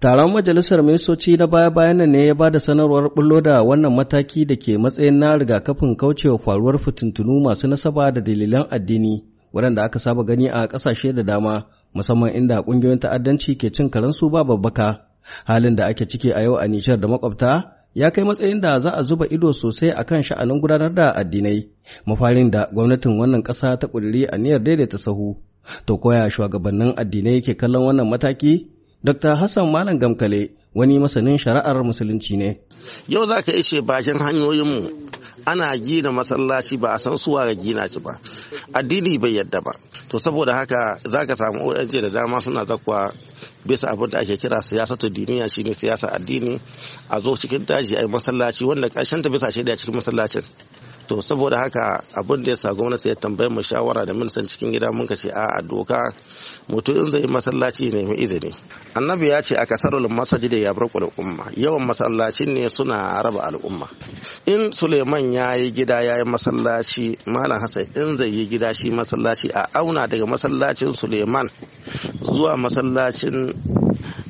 Taron majalisar ministoci na baya-bayan nan ne ya ba da sanarwar bullo da wannan mataki da ke matsayin na rigakafin kaucewa faruwar fitintunu masu nasaba da dalilan addini waɗanda aka saba gani a ƙasashe da dama musamman inda ƙungiyoyin ta'addanci ke cin karensu ba babbaka halin da ake ciki a yau a Nijar da makwabta ya kai matsayin da za a zuba ido sosai a kan sha'anin gudanar da addinai mafarin da gwamnatin wannan ƙasa ta ƙudiri niyyar daidaita sahu to koya shugabannin addinai ke kallon wannan mataki Dr. Hassan Malam Gamkale wani masanin shari'ar musulunci ne. Yau za ka ishe bakin hanyoyinmu ana gina masallaci ba a san suwa ga gina shi ba. Addini bai yadda ba. To saboda haka za ka samu OSJ da dama suna zakwa bisa abin da ake kira siyasa ta duniya ne siyasa addini a zo cikin daji a yi masallaci wanda ƙarshen ta bisa shaida cikin masallacin. to saboda haka abin da ya sa gwamnati ya tambaye mu shawara da san cikin gida mun ce a doka mutum in zai masallaci ne mai izini annabi ya ce a kasar masaji da ya bar umma yawan masallaci ne suna raba al'umma in suleiman ya yi gida ya yi masallaci malam hassan in zai yi gida shi masallaci a auna daga masallacin suleiman zuwa masallacin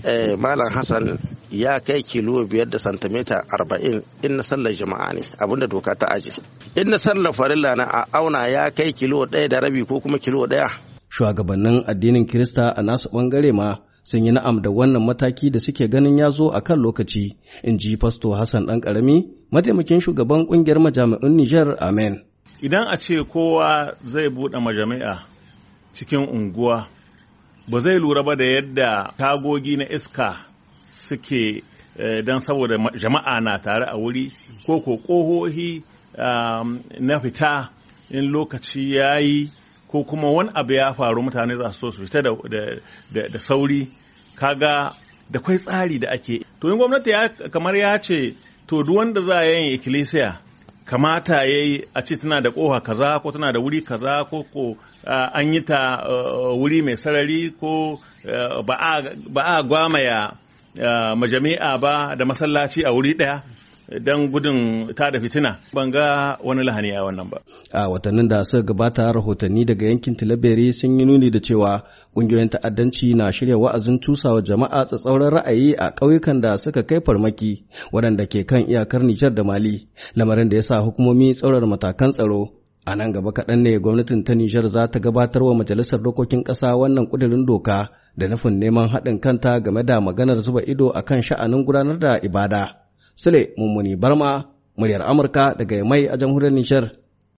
eh, malam hassan ya kai kilo biyar da santimita arba'in in na sallar jama'a ne abinda doka ta aje in na sallar farilla na a auna ya kai kilo ɗaya da rabi ko kuma kilo ɗaya. shugabannin addinin kirista a nasu ɓangare ma sun yi na'am da wannan mataki da suke ganin ya zo a kan lokaci in ji fasto hassan dan karami mataimakin shugaban ƙungiyar majami'un Nijar? amen idan a ce kowa zai buɗe majami'a cikin unguwa ba zai lura ba da yadda tagogi na iska suke eh, don saboda jama'a na tare a wuri ko ko ƙohohi um, na fita in lokaci ya yi ko kuma wani abu ya faru mutane za su so su fita da sauri kaga da kwai tsari da ake to in gwamnati kamar ya ce to duk wanda za a yin ikkilisiya kamata ya yi a ce tana da ƙoha kaza ko tana da wuri kaza ko ko an yi ta eh, wuri mai sarari ko eh, ba a gwamaya majami'a ba da masallaci a wuri ɗaya don gudun tada fitina ban ga wani lahani a wannan ba. A watannin da suka gabata rahotanni daga yankin Tilaberi sun yi nuni da cewa ƙungiyoyin ta'addanci na shirya wa'azin cusawa jama'a tsatsauran ra'ayi a ƙauyukan da suka kai farmaki waɗanda ke kan iyakar Nijar da Mali lamarin da ya sa hukumomi tsaurar matakan tsaro a nan gaba kaɗan ne gwamnatin ta Nijar za ta gabatar wa majalisar dokokin ƙasa wannan ƙudurin doka da nufin neman haɗin kanta game da maganar zuba ido a kan sha'anin gudanar da ibada. Sule Mummuni Barma, muryar Amurka daga mai a jamhuriyar Nijar.